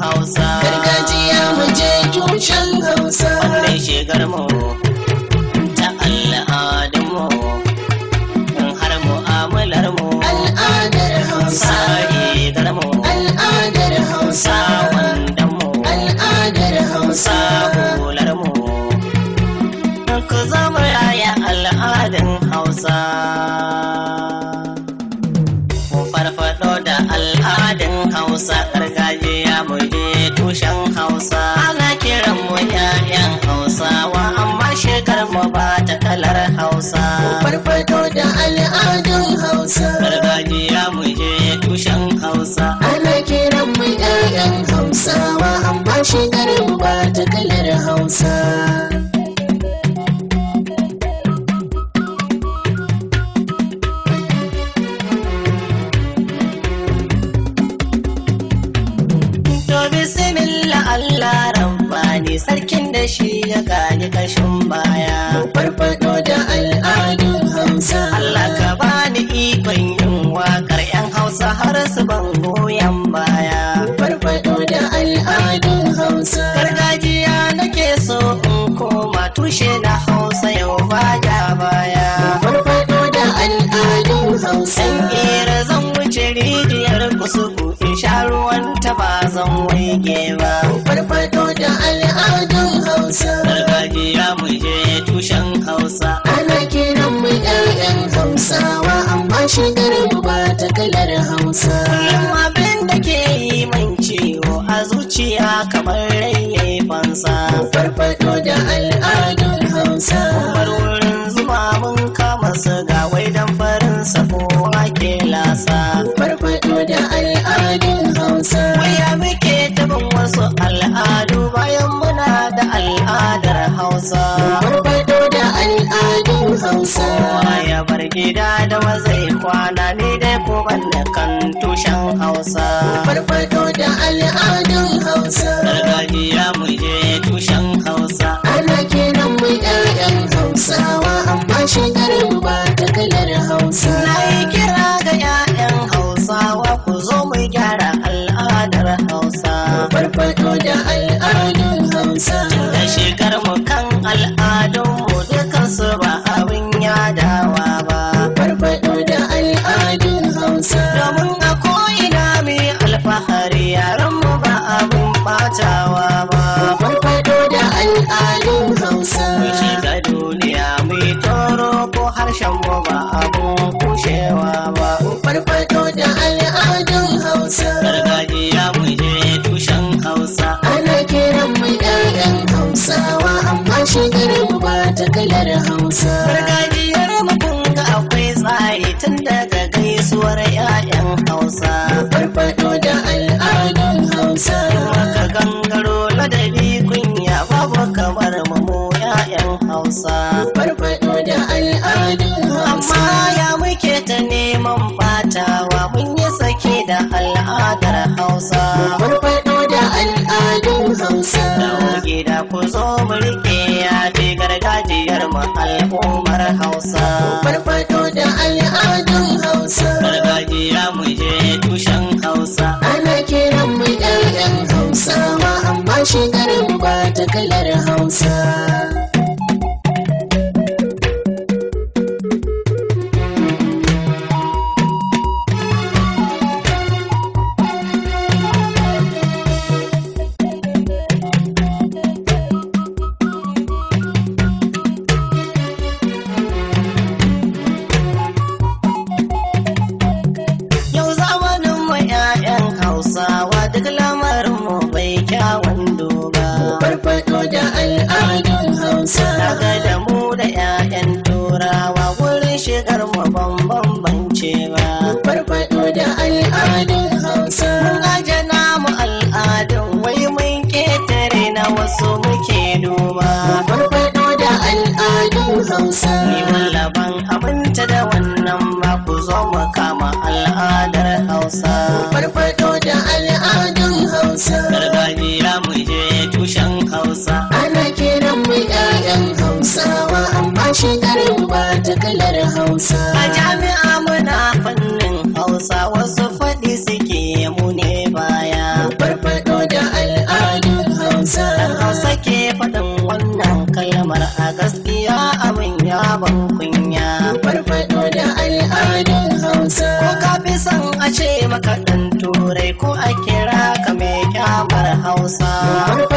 hausa gargajiya mu je tushen hausa wannan shigar mu ta al'adun mu in har mu'amalar mu al'adar hausa rigar mu al'adar hausa wanda mu al'adar hausa hular mu ku zama ya al'adun hausa hausa gargajiya mu je tushen hausa ana kiran mu ƴaƴan hausawa amma shekar mu ba ta kalar hausa farfato da al'adun hausa gargajiya mu je tushen hausa ana kiran mu ƴaƴan hausawa amma shekar mu ba ta kalar hausa laramba ne sarkin da shi ya gani kashin baya farfado da al'adun hausa Allah ka ta ba zan wege ba. Farfado da al'adun Hausa. Gargajiya mu je tushen Hausa. Ana kiran mu ƴaƴan Hausawa amma shigar mu ba ta kalar Hausa. Yin abin da ke yi man ciwo a zuciya kamar rai ya yi fansa. Farfado da al'adun Hausa. Kamar wurin zuma mun kama su ga wai dan farin safo ake lasa. Farfado da al'adun hausa farfado da al'adun hausa ya bar gida da wazai kwana ne dai ko da kan tushen hausa farfado da al'adun hausa gargajiya mu je tushen hausa ana kiran mu ƴaƴan hausawa amma shekarar ba ta kalar hausa na yi kira ga ƴaƴan hausawa ku zo mu gyara al'adar hausa farfado da al'adun hausa harshen ba abun kushewa ba. Farfaɗo da al'adun Hausa. Gargajiya mu je tushen Hausa. Ana kiran mu ƴaƴan Hausawa amma shekarun ba ta kalar Hausa. Gargajiyar mu kun ga akwai tsari tun daga gaisuwar ƴaƴan Hausa. Farfaɗo da al'adun Hausa. Maka gangaro ladabi kunya babu kamar mu ƴaƴan Hausa. waƙar hausa da al'adun hausa dawo gida ku zo mulki ya yaje gargajiyar mu al'ummar hausa mun da al'adun hausa gargajiya mu je tushen hausa ana kiran mu ɗan hausawa amma shekarun ba ta kalar hausa su muke duba farfado da al'adun hausa ni malaban abinta da wannan ba ku zo mu kama al'adar hausa farfaɗo da al'adun was